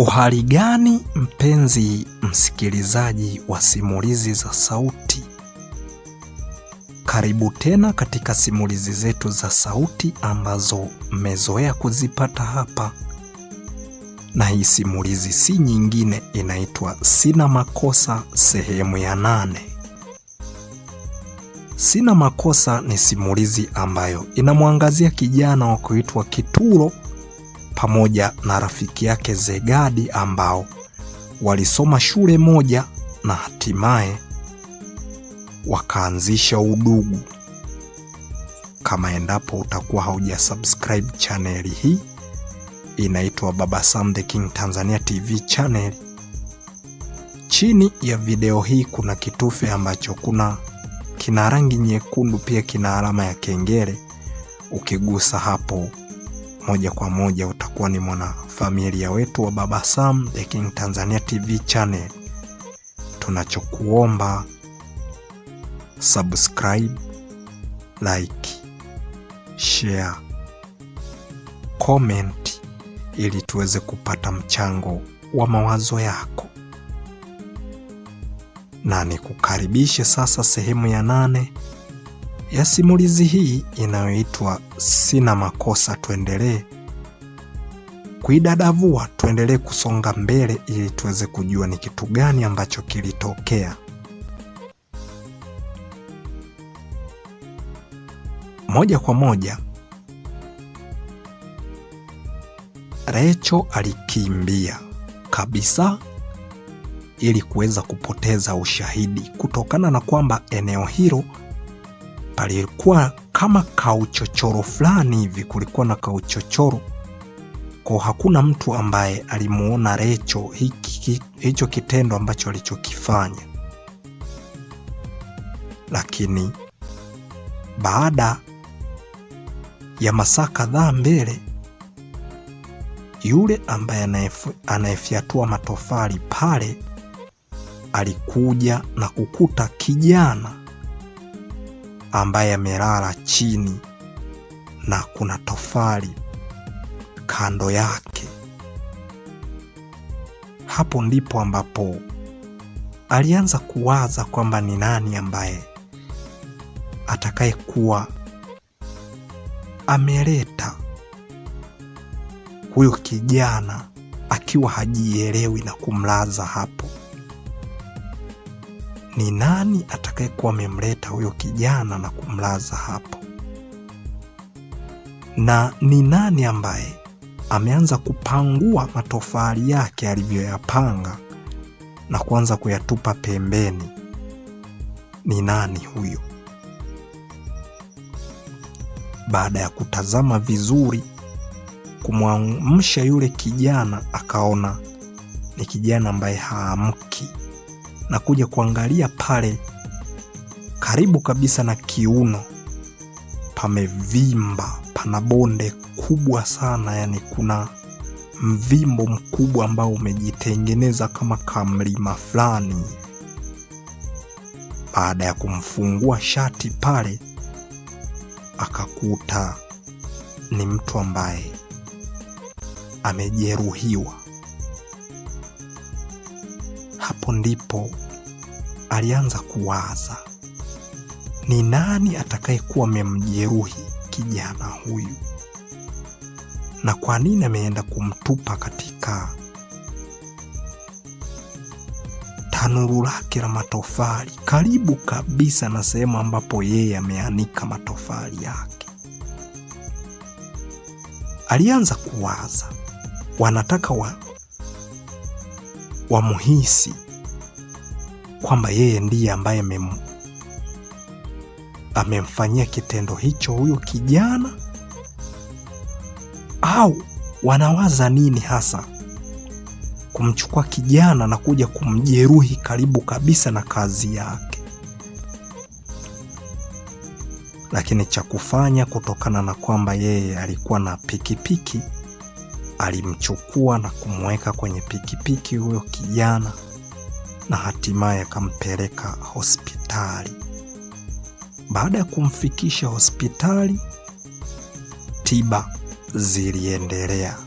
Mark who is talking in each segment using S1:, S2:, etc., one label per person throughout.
S1: Uhali gani mpenzi msikilizaji wa simulizi za sauti, karibu tena katika simulizi zetu za sauti ambazo mmezoea kuzipata hapa, na hii simulizi si nyingine, inaitwa Sina Makosa sehemu ya nane. Sina Makosa ni simulizi ambayo inamwangazia kijana wa kuitwa Kituro pamoja na rafiki yake Zegadi ambao walisoma shule moja na hatimaye wakaanzisha udugu. Kama endapo utakuwa subscribe chaneli hii inaitwa Baba Sam The King Tanzania TV channel. Chini ya video hii kuna kitufe ambacho kuna kina rangi nyekundu, pia kina alama ya kengele. Ukigusa hapo moja kwa moja utakuwa ni mwanafamilia wetu wa Baba Sam The King Tanzania TV channel. Tunachokuomba subscribe, like, share, comment ili tuweze kupata mchango wa mawazo yako, na nikukaribishe sasa sehemu ya nane ya simulizi hii inayoitwa Sina Makosa. Tuendelee kuidadavua, tuendelee kusonga mbele ili tuweze kujua ni kitu gani ambacho kilitokea. Moja kwa moja Recho alikimbia kabisa ili kuweza kupoteza ushahidi kutokana na kwamba eneo hilo palikuwa kama kauchochoro fulani hivi, kulikuwa na kauchochoro kwa hakuna mtu ambaye alimuona Recho hicho kitendo ambacho alichokifanya, lakini baada ya masaa kadhaa mbele, yule ambaye anayefyatua matofali pale alikuja na kukuta kijana ambaye amelala chini na kuna tofali kando yake. Hapo ndipo ambapo alianza kuwaza kwamba ni nani ambaye atakayekuwa ameleta huyo kijana akiwa hajielewi na kumlaza hapo ni nani atakayekuwa amemleta huyo kijana na kumlaza hapo, na ni nani ambaye ameanza kupangua matofali yake alivyoyapanga na kuanza kuyatupa pembeni. Ni nani huyo? Baada ya kutazama vizuri, kumwamsha yule kijana, akaona ni kijana ambaye haamki, na kuja kuangalia pale karibu kabisa na kiuno pamevimba, pana bonde kubwa sana, yani kuna mvimbo mkubwa ambao umejitengeneza kama kamlima fulani. Baada ya kumfungua shati pale, akakuta ni mtu ambaye amejeruhiwa hapo ndipo alianza kuwaza ni nani atakayekuwa amemjeruhi kijana huyu na kwa nini ameenda kumtupa katika tanuru lake la matofali karibu kabisa na sehemu ambapo yeye ameanika matofali yake. Alianza kuwaza wanataka wa, wamuhisi kwamba yeye ndiye ambaye mem, amemfanyia kitendo hicho huyo kijana, au wanawaza nini hasa kumchukua kijana na kuja kumjeruhi karibu kabisa na kazi yake. Lakini cha kufanya, kutokana na kwamba yeye alikuwa na pikipiki piki, alimchukua na kumweka kwenye pikipiki huyo kijana na hatimaye akampeleka hospitali. Baada ya kumfikisha hospitali, tiba ziliendelea.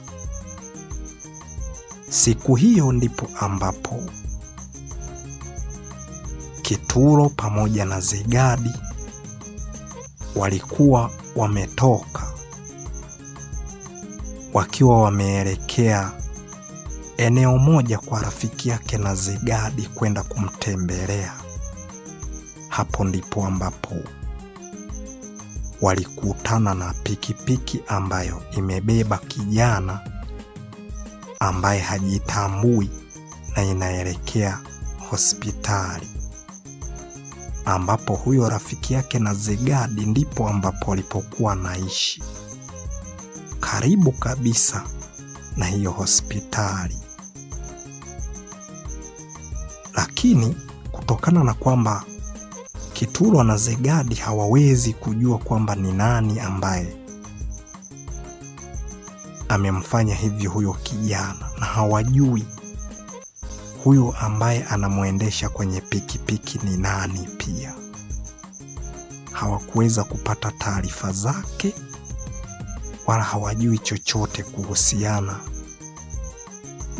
S1: Siku hiyo ndipo ambapo Kituro pamoja na Zegadi walikuwa wametoka wakiwa wameelekea eneo moja kwa rafiki yake na Zigadi kwenda kumtembelea. Hapo ndipo ambapo walikutana na pikipiki piki ambayo imebeba kijana ambaye hajitambui na inaelekea hospitali, ambapo huyo rafiki yake na Zigadi ndipo ambapo alipokuwa naishi karibu kabisa na hiyo hospitali, lakini kutokana na kwamba Kitulwa na Zegadi hawawezi kujua kwamba ni nani ambaye amemfanya hivyo huyo kijana, na hawajui huyo ambaye anamwendesha kwenye pikipiki piki ni nani pia hawakuweza kupata taarifa zake wala hawajui chochote kuhusiana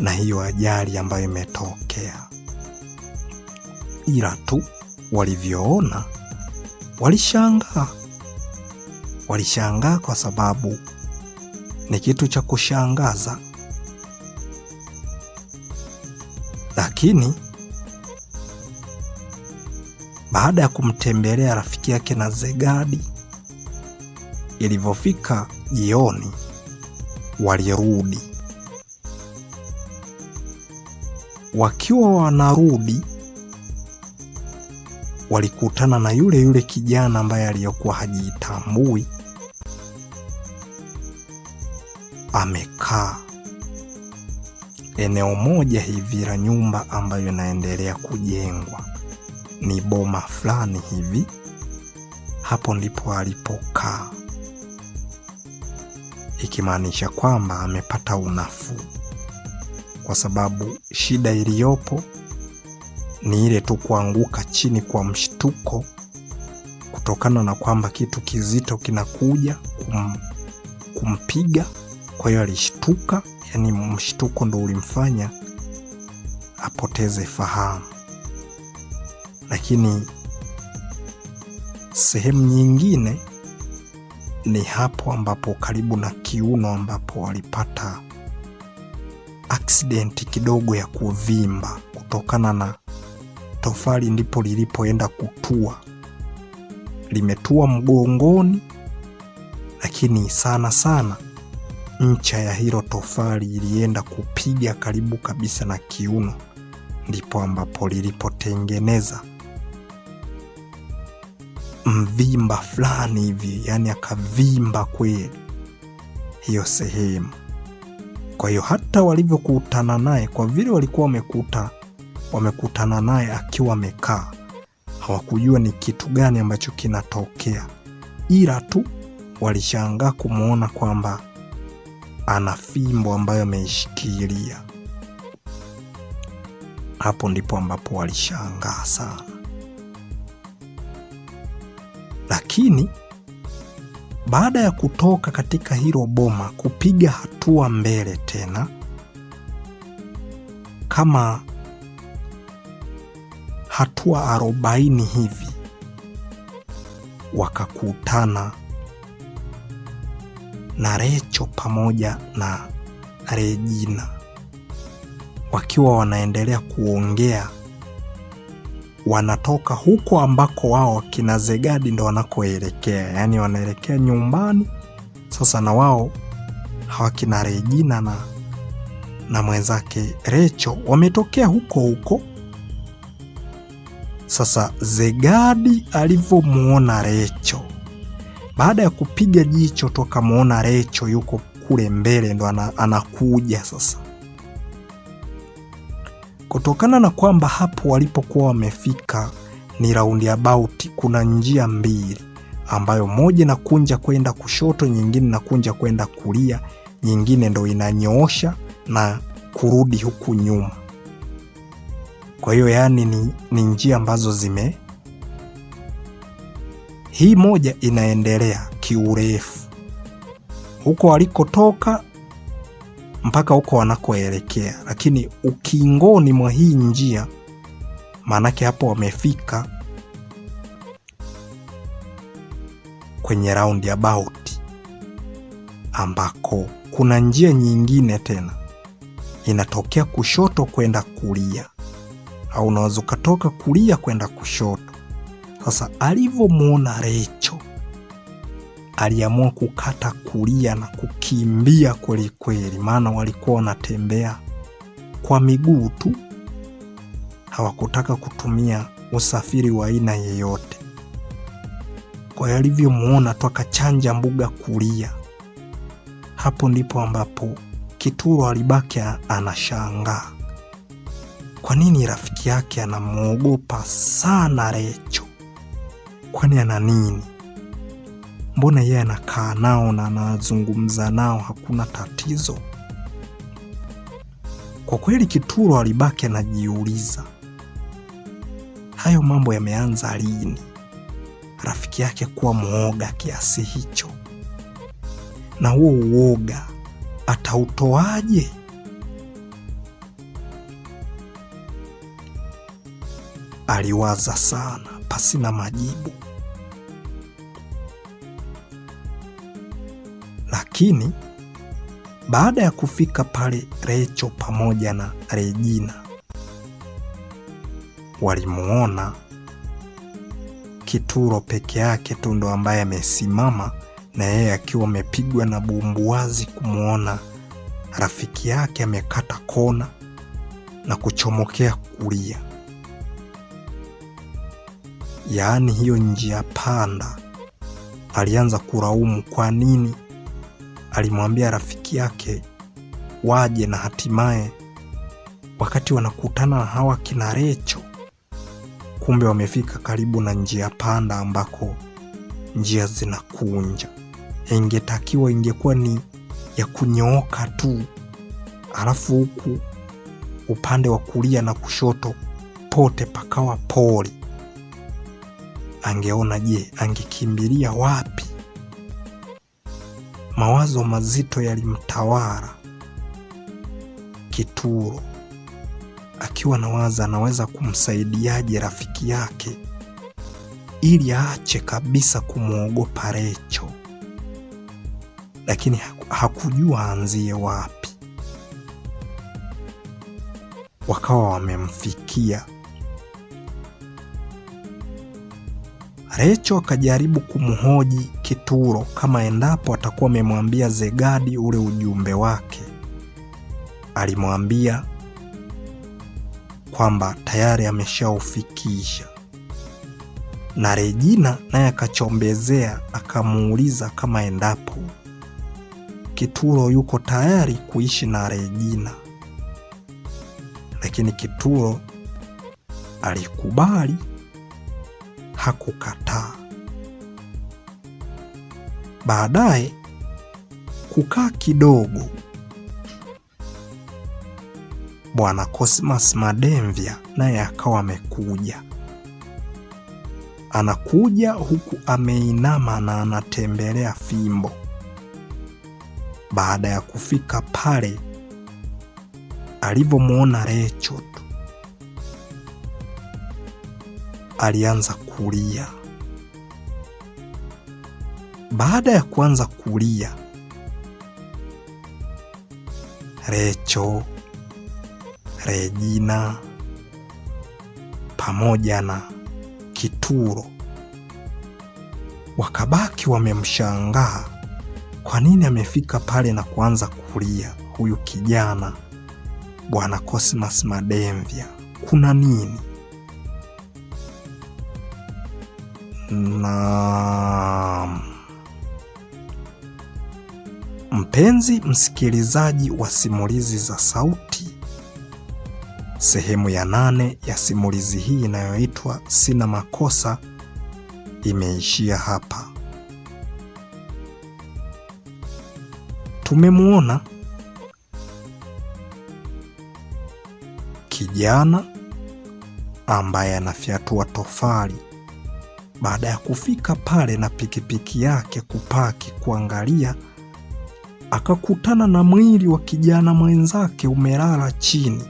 S1: na hiyo ajali ambayo imetokea, ila tu walivyoona walishangaa. Walishangaa kwa sababu ni kitu cha kushangaza, lakini baada ya kumtembelea rafiki yake na Zegadi, ilivyofika Jioni walirudi. Wakiwa wanarudi, walikutana na yule yule kijana ambaye aliyokuwa hajitambui amekaa eneo moja hivi la nyumba ambayo inaendelea kujengwa, ni boma fulani hivi. Hapo ndipo alipokaa ikimaanisha kwamba amepata unafuu, kwa sababu shida iliyopo ni ile tu kuanguka chini kwa mshtuko, kutokana na kwamba kitu kizito kinakuja kum, kumpiga. Kwa hiyo alishtuka, yani mshtuko ndo ulimfanya apoteze fahamu, lakini sehemu nyingine ni hapo ambapo karibu na kiuno ambapo walipata aksidenti kidogo ya kuvimba kutokana na tofali, ndipo lilipoenda kutua. Limetua mgongoni, lakini sana sana ncha ya hilo tofali ilienda kupiga karibu kabisa na kiuno, ndipo ambapo lilipotengeneza mvimba fulani hivi, yani akavimba kweli hiyo sehemu. Kwa hiyo hata walivyokutana naye, kwa vile walikuwa wamekuta wamekutana naye akiwa amekaa, hawakujua ni kitu gani ambacho kinatokea, ila tu walishangaa kumwona kwamba ana fimbo ambayo ameishikilia. Hapo ndipo ambapo walishangaa sana. Lakini baada ya kutoka katika hilo boma kupiga hatua mbele tena, kama hatua arobaini hivi, wakakutana na Recho pamoja na rejina wakiwa wanaendelea kuongea wanatoka huko ambako wao kina Zegadi ndo wanakoelekea, yaani wanaelekea nyumbani sasa, na wao hawakina rejina Regina na, na mwenzake Recho wametokea huko huko. Sasa Zegadi alivyomwona Recho, baada ya kupiga jicho toka muona Recho yuko kule mbele, ndo anakuja sasa Kutokana na kwamba hapo walipokuwa wamefika ni raundi about, kuna njia mbili ambayo moja inakunja kwenda kushoto, nyingine inakunja kwenda kulia, nyingine ndo inanyoosha na kurudi huku nyuma. Kwa hiyo yani ni, ni njia ambazo zime hii moja inaendelea kiurefu huko walikotoka mpaka huko wanakoelekea, lakini ukingoni mwa hii njia, maanake hapo wamefika kwenye about, ambako kuna njia nyingine tena inatokea kushoto kwenda kulia, au unaweza ukatoka kulia kwenda kushoto. Sasa alivyomwona Recho aliamua kukata kulia na kukimbia kwelikweli, maana walikuwa wanatembea kwa miguu tu, hawakutaka kutumia usafiri wa aina yeyote. Kwa hiyo alivyomwona tu akachanja mbuga kulia. Hapo ndipo ambapo Kituro alibaki anashangaa kwa nini rafiki yake anamwogopa sana Recho, kwani ana nini? mbona yeye anakaa nao na anazungumza nao, hakuna tatizo? Kwa kweli, Kituro alibaki anajiuliza hayo mambo yameanza lini, rafiki yake kuwa mwoga kiasi hicho, na huo uoga atautoaje? Aliwaza sana pasina majibu. Lakini baada ya kufika pale, Recho pamoja na Regina walimuona Kituro peke yake tu ndo ambaye amesimama na yeye akiwa amepigwa na bumbuazi kumwona rafiki yake amekata kona na kuchomokea kulia, yaani hiyo njia panda. Alianza kuraumu kwa nini alimwambia rafiki yake waje, na hatimaye wakati wanakutana na hawa kina Recho, kumbe wamefika karibu na njia panda ambako njia zinakunja. Ingetakiwa ingekuwa ni ya kunyooka tu, alafu huku upande wa kulia na kushoto pote pakawa poli Angeona je, angekimbilia wapi? Mawazo mazito yalimtawala Kituro, akiwa nawaza anaweza kumsaidiaje rafiki yake ili aache kabisa kumwogopa Recho, lakini hakujua aanzie wapi. Wakawa wamemfikia Recho akajaribu kumhoji Kituro kama endapo atakuwa amemwambia Zegadi ule ujumbe wake. Alimwambia kwamba tayari ameshaufikisha, na Regina naye akachombezea, akamuuliza kama endapo Kituro yuko tayari kuishi na Regina, lakini Kituro alikubali hakukataa. Baadaye kukaa kidogo, Bwana Cosmas Mademvya naye akawa amekuja. Anakuja huku ameinama na anatembelea fimbo. Baada ya kufika pale, alivyomwona Recho tu alianza kulia. Baada ya kuanza kulia, Recho, Regina pamoja na Kituro wakabaki wamemshangaa, kwa nini amefika pale na kuanza kulia huyu kijana Bwana Cosmas Mademvya, kuna nini? na mpenzi msikilizaji wa simulizi za sauti, sehemu ya nane ya simulizi hii inayoitwa Sina Makosa imeishia hapa. Tumemwona kijana ambaye anafyatua tofali baada ya kufika pale na pikipiki yake kupaki kuangalia, akakutana na mwili wa kijana mwenzake umelala chini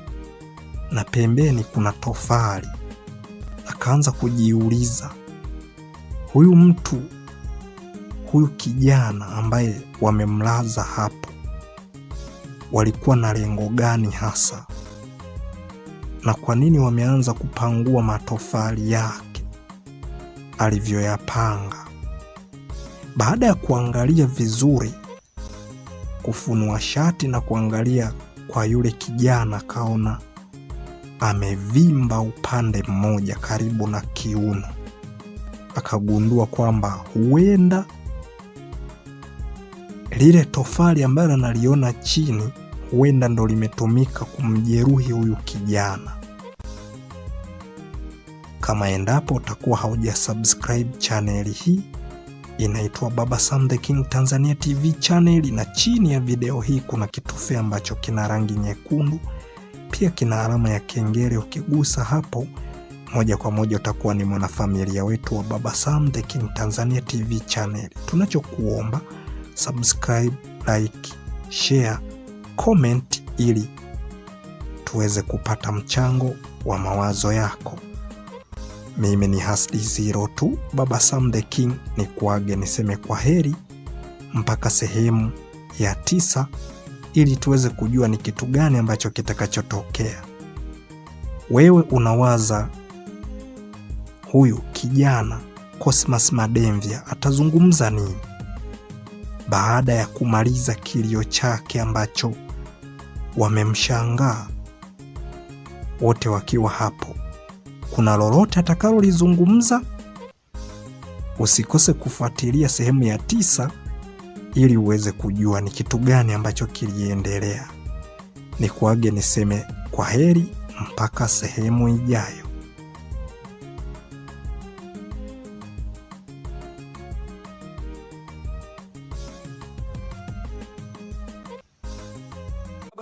S1: na pembeni kuna tofali. Akaanza kujiuliza, huyu mtu huyu kijana ambaye wamemlaza hapo walikuwa na lengo gani hasa, na kwa nini wameanza kupangua matofali yake? alivyoyapanga. Baada ya kuangalia vizuri, kufunua shati na kuangalia kwa yule kijana, kaona amevimba upande mmoja karibu na kiuno. Akagundua kwamba huenda lile tofali ambalo analiona chini huenda ndo limetumika kumjeruhi huyu kijana. Kama endapo utakuwa hauja subscribe channel hii inaitwa Baba Sam the King Tanzania TV channel, na chini ya video hii kuna kitufe ambacho kina rangi nyekundu, pia kina alama ya kengele. Ukigusa hapo moja kwa moja utakuwa ni mwanafamilia wetu wa Baba Sam the King Tanzania TV channel. Tunachokuomba subscribe, like, share, comment ili tuweze kupata mchango wa mawazo yako. Mimi ni Hasdi 02 Baba Sam the King, ni kuage niseme kwa heri mpaka sehemu ya tisa, ili tuweze kujua ni kitu gani ambacho kitakachotokea. Wewe unawaza huyu kijana Cosmas Mademvya atazungumza nini baada ya kumaliza kilio chake ambacho wamemshangaa wote wakiwa hapo kuna lolote atakalolizungumza, usikose kufuatilia sehemu ya tisa ili uweze kujua ni kitu gani ambacho kiliendelea. ni kuage niseme kwa heri mpaka sehemu ijayo.